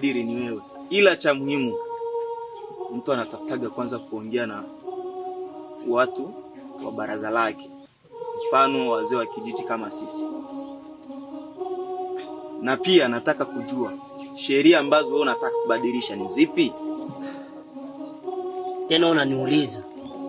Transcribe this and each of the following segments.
kadiri ni wewe, ila cha muhimu mtu anatafutaga kwanza kuongea na watu wa baraza lake, mfano wazee wa kijiji kama sisi, na pia nataka kujua sheria ambazo wewe unataka kubadilisha ni zipi? Tena unaniuliza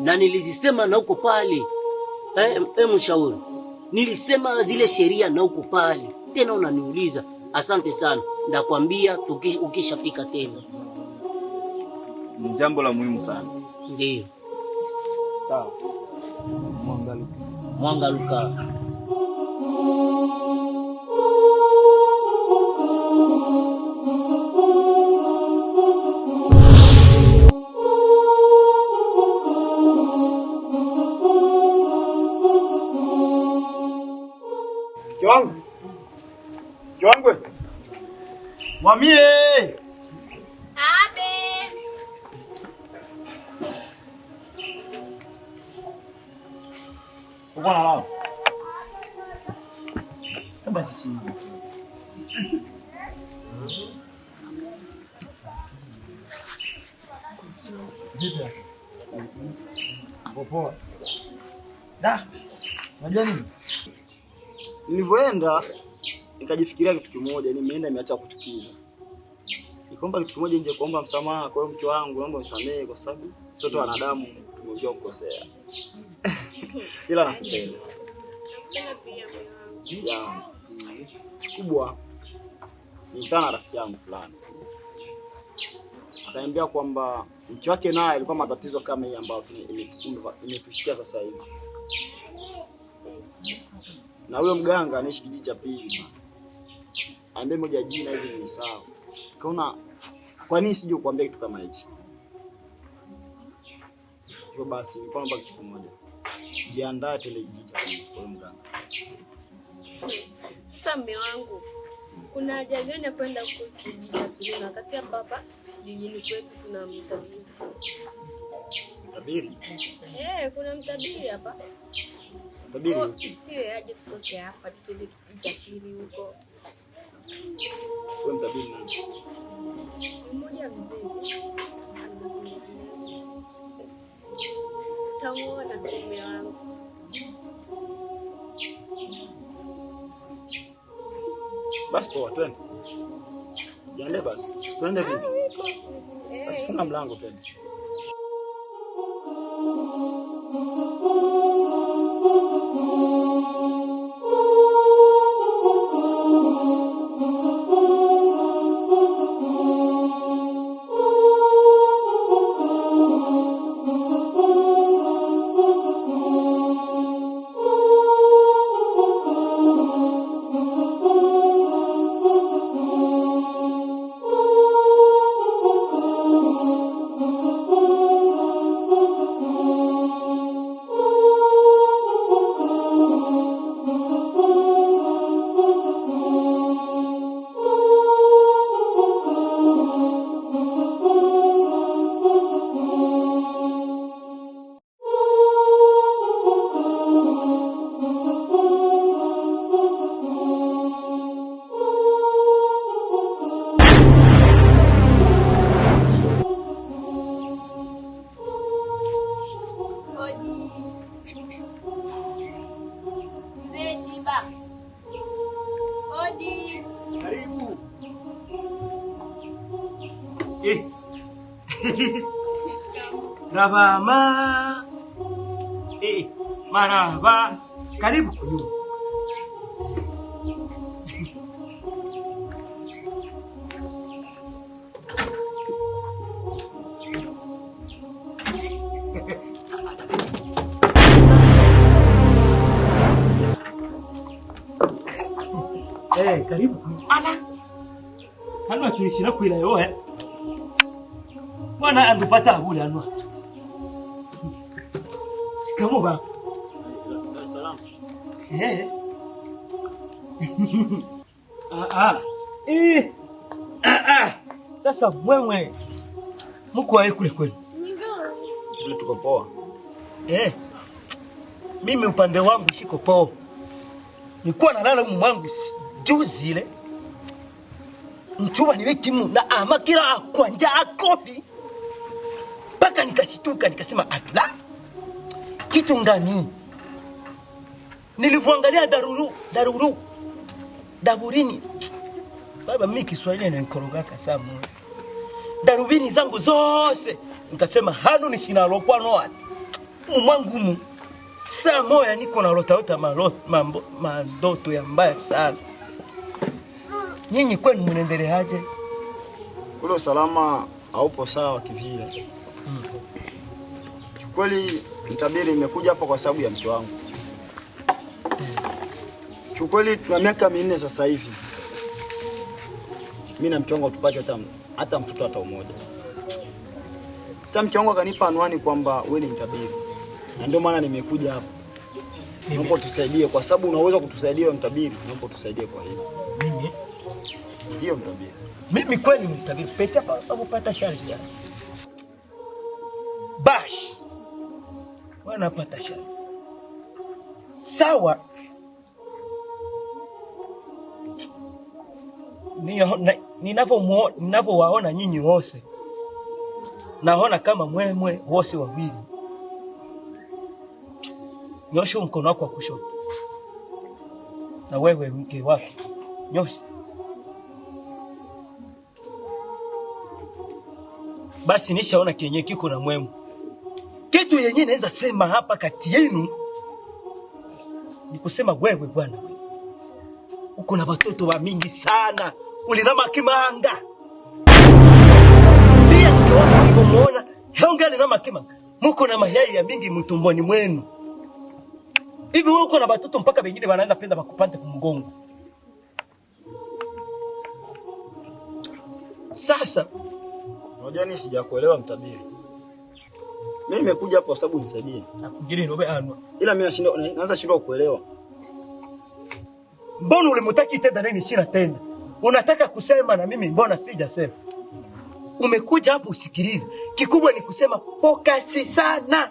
na nilizisema na uko pale eh, eh, mshauri, nilisema zile sheria na uko pale, tena unaniuliza. Asante sana. Nakwambia ukishafika tena ni jambo la muhimu sana. Ndio sawa, mwangaluka mwangaluka Kiwango. Kiwangwe. Mwamie. Abe. Uko na lao. Basi chini. Poa. Da. Unajua nini? Nilivyoenda nikajifikiria kitu kimoja, yaani nimeenda nimeacha kuchukiza Nakuomba kitu kimoja nje kuomba msamaha kwa mke wangu, naomba msamehe kwa sababu sio tu wanadamu tumejua kukosea. Ila nakupenda. Yeah. Kikubwa nilitana na rafiki yangu fulani akaniambia kwamba mke wake naye alikuwa matatizo kama hii ambayo imetushikia sasa hivi, na huyo mganga anaishi kijiji cha pili, ambie moja jina hivi ni sawa Kaona kwa nini sije kukuambia kitu kama hichi? Hivyo basi nilikuwa naomba kitu kimoja. Jiandae tele kijita kwa mganga. Sasa mume wangu, kuna haja gani ya kwenda kijita kulima wakati hapa jijini kwetu kuna mtabiri? Mtabiri? Eh, kuna mtabiri hapa. Mtabiri? Oh, Sio aje tutoke hapa tule kijita huko. Wewe mtabiri nani? Mmoja mzee. Tamuona mume wangu. Basi poa, twende. Jiandae basi. Twende vipi? Ah, basi funga mlango twende. Maraba ma. Eh, maraba. Karibu kunyuma. Eh, karibu kunyuma. Ala. Hano tuishira kuila yoe. Eh. Bwana angepata abule anwa. Shikamoo baba. Ah ah. Eh. Ah ah. Sasa mwewe mko wapi kule kwenu? Ndio. Tuko poa. Eh. Mimi upande wangu shiko poa. Nilikuwa nalala huko mwangu juzi ile. Mchumba niwe kimu na amakira kwanja akofi. Mpaka nikashituka nikasema atula kitu ndani. Nilivuangalia daruru daruru daburini, baba, mimi Kiswahili inanikorogaka mu Darubini zangu zose nikasema hanu nishinalokwano wapi mu saa moya niko na nalotaota mandoto ya mbaya sana. Nyinyi kwenu haje Kule usalama haupo sawa kivile. Hmm. Kweli Mtabiri, nimekuja hapa kwa sababu ya mke wangu. Kiukweli tuna miaka minne sasa hivi, mimi na mke wangu hatupati hata hata mtoto hata mmoja. Sasa mke wangu akanipa anwani kwamba wewe ni mtabiri, na ndio maana nimekuja hapa. Naomba tusaidie, kwa sababu unaweza kutusaidia mtabiri. Naomba tusaidie kwa hili. Mimi ndio mtabiri. Mimi kweli mtabiri, pete hapa hapo pata shari. Bash wanapata shari. Sawa, ninavyowaona nyinyi wose, naona kama mwemwe wose wawili. Nyosha mkono wako wa kushoto, na wewe mke wako nyosha. Basi nishaona kenye kiko na mwemwe yenye naweza sema hapa kati yenu ni kusema wewe bwana, uko na watoto wa mingi sana, ulinama makimanga pia mkiwako livomuona haungali nama kimanga, muko na mayai ya mingi mtumboni mwenu. Hivi wewe uko na watoto mpaka wengine wanaenda penda bakupande kumgongo. Sasa unajua, ni sijakuelewa mtabiri mimi nimekuja hapa kwa sababu unisaidie. Ila mimi nashindwa naanza shindwa kuelewa. Mbona ulimtaki tena nini shira tena? Unataka kusema na mimi mbona sijasema? Umekuja hapa usikilize. Kikubwa ni kusema focus sana.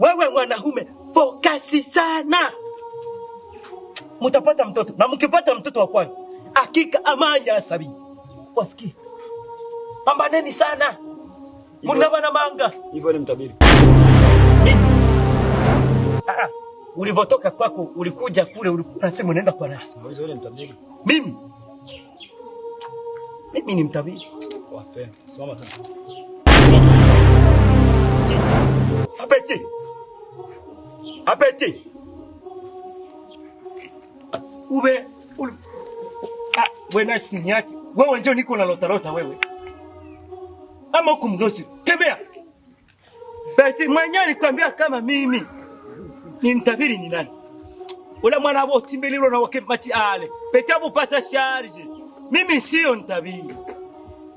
Wewe mwanaume focus sana. Mtapata mtoto na mkipata mtoto wa kwanza, hakika amani ya asabi. Wasikie. Pambaneni sana. Mbona bana manga? Hivyo ni mtabiri. Ah, ah ulivotoka kwako ulikuja kule ulikuwa unasema unaenda kwa rasa. Hivyo ni mtabiri. Mimi. Mimi ni mtabiri. Wape. Simama tu. Apeti. Apeti. Ube. Ah, Wewe na chini yake. Wewe njoo niko na lota wewe ama huku mlozi, tembea. Beti mwenyewe alikwambia kama mimi ni mtabiri ni nani? Ule mwana wao timbeliro na wake mati ale. Beti hapo pata charge. Mimi sio mtabiri.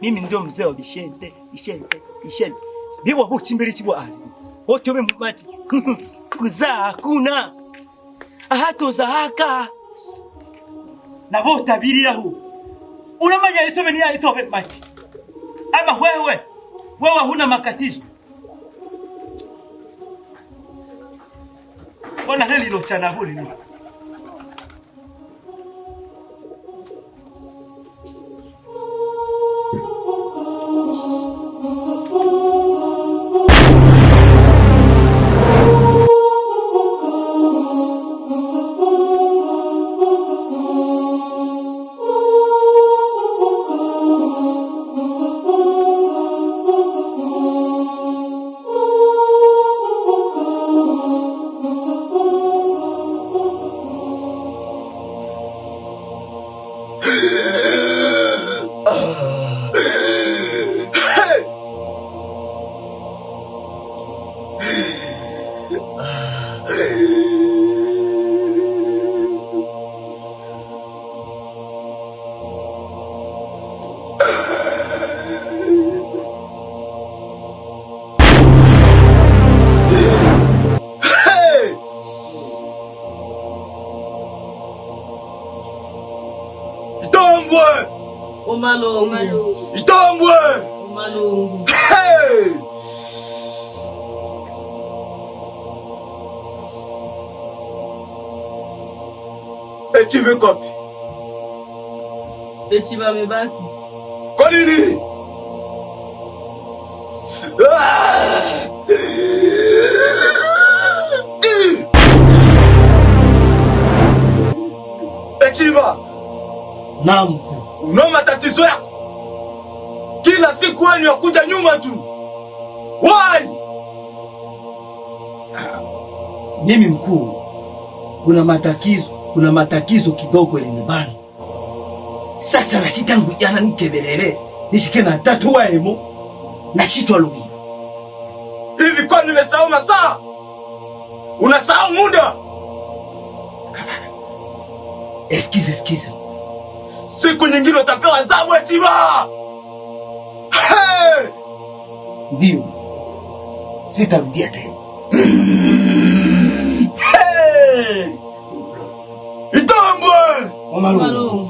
Mimi ndio mzee wa Bishente, Bishente, Bishente. Biwa huko timbeli chibwa ale. Wote wame mati. Kuzaa hakuna. Hato za haka. Na vota ya huu Unamanya itobe ni ya itobe mati. ama wewe wewe huna makatizo bona lelilochana vuli lilo Itambwe. Umalungu. Itambwe. Umalungu. Hey! Eti wake up. Eti wamebaki. Kwa nini? Ah! Eti wamebaki. Naam. Unao matatizo yako kila siku, wewe ni wakuja nyuma tu. Why? Ah, mimi mkuu, kuna matatizo, kuna matatizo kidogo linibana sasa, na shita ngu jana nikebelele nishike na tatu waemo na shitwa lubi hivi, kwa nimesahau masaa, unasahau muda. Ah, ah, eskize, eskize siku nyingine utapewa adhabu ya tiba. Ndio, sitarudia tena. Hey! Itambwe!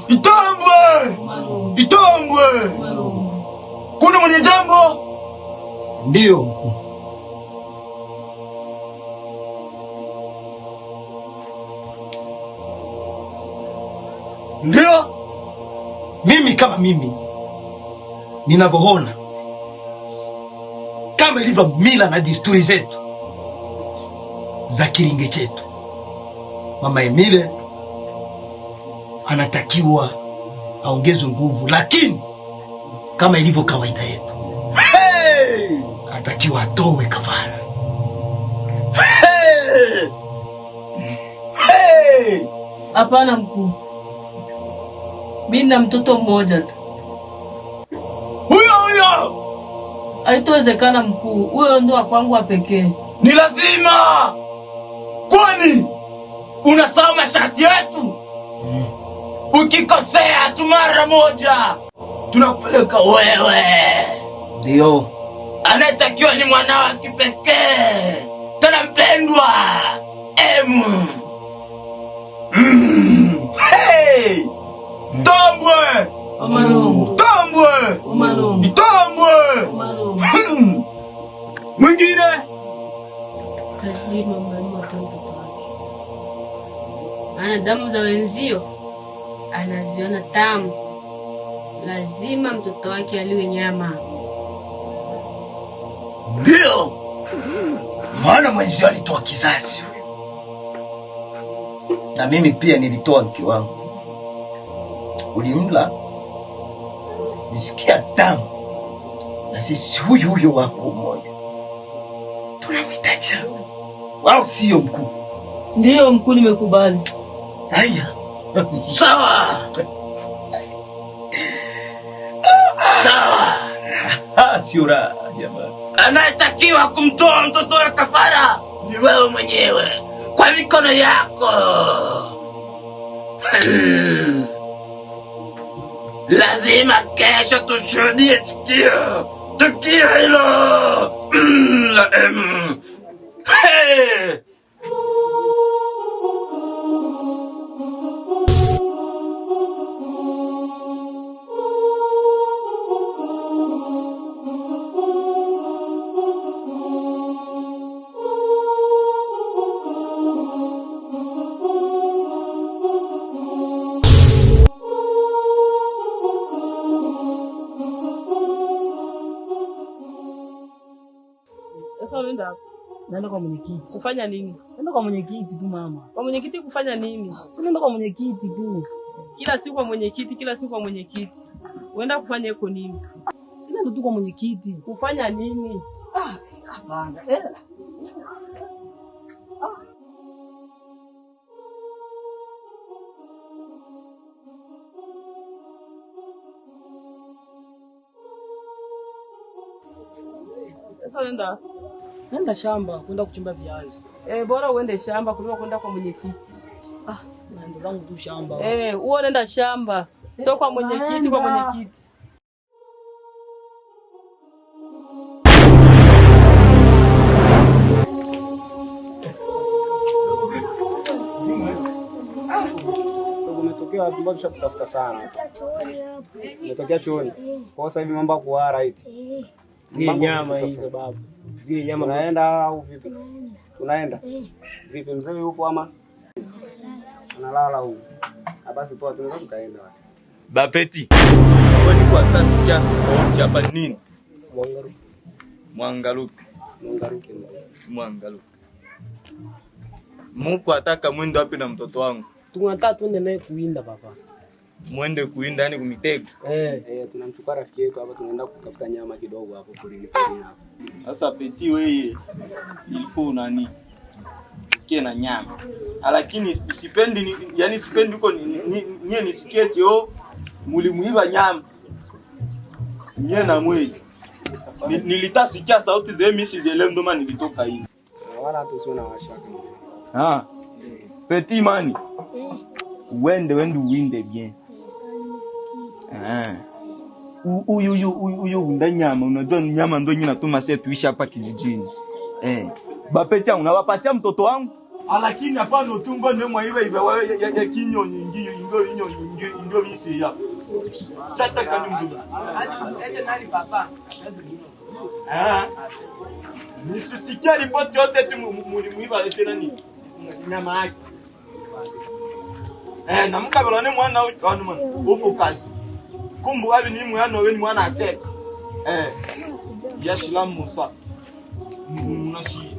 Itambwe! Itambwe! Kuna mwenye jambo? Ndio. Ndio kama mimi ninavyoona, kama ilivyo mila na desturi zetu za kiringe chetu, Mama Emile anatakiwa aongezwe nguvu, lakini kama ilivyo kawaida yetu, hey! anatakiwa atowe kafara hey! Hapana, hey! mkuu mimi na mtoto mmoja tu, huyo huyo aitowezekana mkuu, huyo ndo kwangu wa pekee. Ni lazima kwani unasahau masharti yetu? Mm. Ukikosea tu mara moja tunakupeleka wewe. Ndio anayetakiwa ni mwanao wa kipekee tena mpendwa emu. Mm. Hey! Tambwe tambwe itambwe hmm. mwingine lazima mwanaume mtoto wake, maana damu za wenzio anaziona tamu, lazima mtoto wake aliwe nyama. Ndio maana mwenzio alitoa kizazi, na mimi pia nilitoa mke wangu ulimla, nisikia damu, na sisi huyu huyo wako umoja tunamhitaji, au sio mkuu? Ndiyo mkuu, nimekubali. Haya, sawa sawa, sio raha jamani. Anayetakiwa kumtoa mtoto wa kafara ni wewe mwenyewe kwa mikono yako. Hmm. lazima kesho tushuhudie tukio est hum, La mm, Hey! Naenda kwa mwenyekiti. Kufanya nini? Naenda kwa mwenyekiti tu mama. Kwa mwenyekiti kufanya nini? Si naenda kwa mwenyekiti tu. Kila siku kwa mwenyekiti, kila siku kwa mwenyekiti. Uenda kufanya iko nini? Si naenda tu kwa mwenyekiti. Kufanya nini? Ah, hapana. Eh. Ah. Sasa nenda Nenda shamba kwenda kuchimba viazi. Eh, bora uende shamba kuliko kwenda kwa mwenyekiti. Ah, naenda zangu tu shamba. Eh, uo nenda shamba. Sio kwa mwenyekiti, kwa mwenyekiti. Tumeshakutafuta sana. Umetokea chuoni. Eh. Kwa sasa hivi mambo yako right. Eh. Zile nyama hizo babu. Zile nyama unaenda au vipi? Unaenda? Eh. Vipi mzee yuko ama? Analala huko. Ah, basi poa tunaweza tukaenda wapi? Bapeti. Kwa nini kwa tasikia tofauti hapa nini? Mwangaruki. Mwangaruki. Mwangaruki. Mwangaruki. Mungu ataka mwende wapi na mtoto wangu? Tunataka tuende naye kuwinda baba mwende kuinda yani kumiteka. Eh. eh, eh, tunamchukua rafiki yetu hapa tunaenda kutafuta nyama kidogo hapo porini hapo. Sasa peti wewe ilifo nani? Kie na nyama. Ah, lakini sipendi ni, yani sipendi huko nyie nisikie eti oh mulimuiba nyama. Nyie na mweji. Nilitasikia sauti zile mimi sizielewi ndo maana nilitoka hizi Wala tusiona washaka. Ah. Petit mani. Wende eh. wende uwinde bien. Eh. Huyu huyu huyu hunda nyama, unajua nyama ndio inatuma sisi tuishi hapa kijijini. Eh. Bapetia unawapatia mtoto wangu? Ah, lakini hapana utumbo ndio mwa iwe iwe wewe ya kinyo nyingi ndio inyo nyingi ndio bisi ya. Chata kanyu ndio. Ende nani papa? Ah. Eh. Nisisikia ripoti yote tu mulimuiba lete nani? Nyama yake. Eh, namkabelane mwana wangu mwana. Upo kazi. kumbuka bini mwana weni mwana ateka eh yashila musa mnashi mm,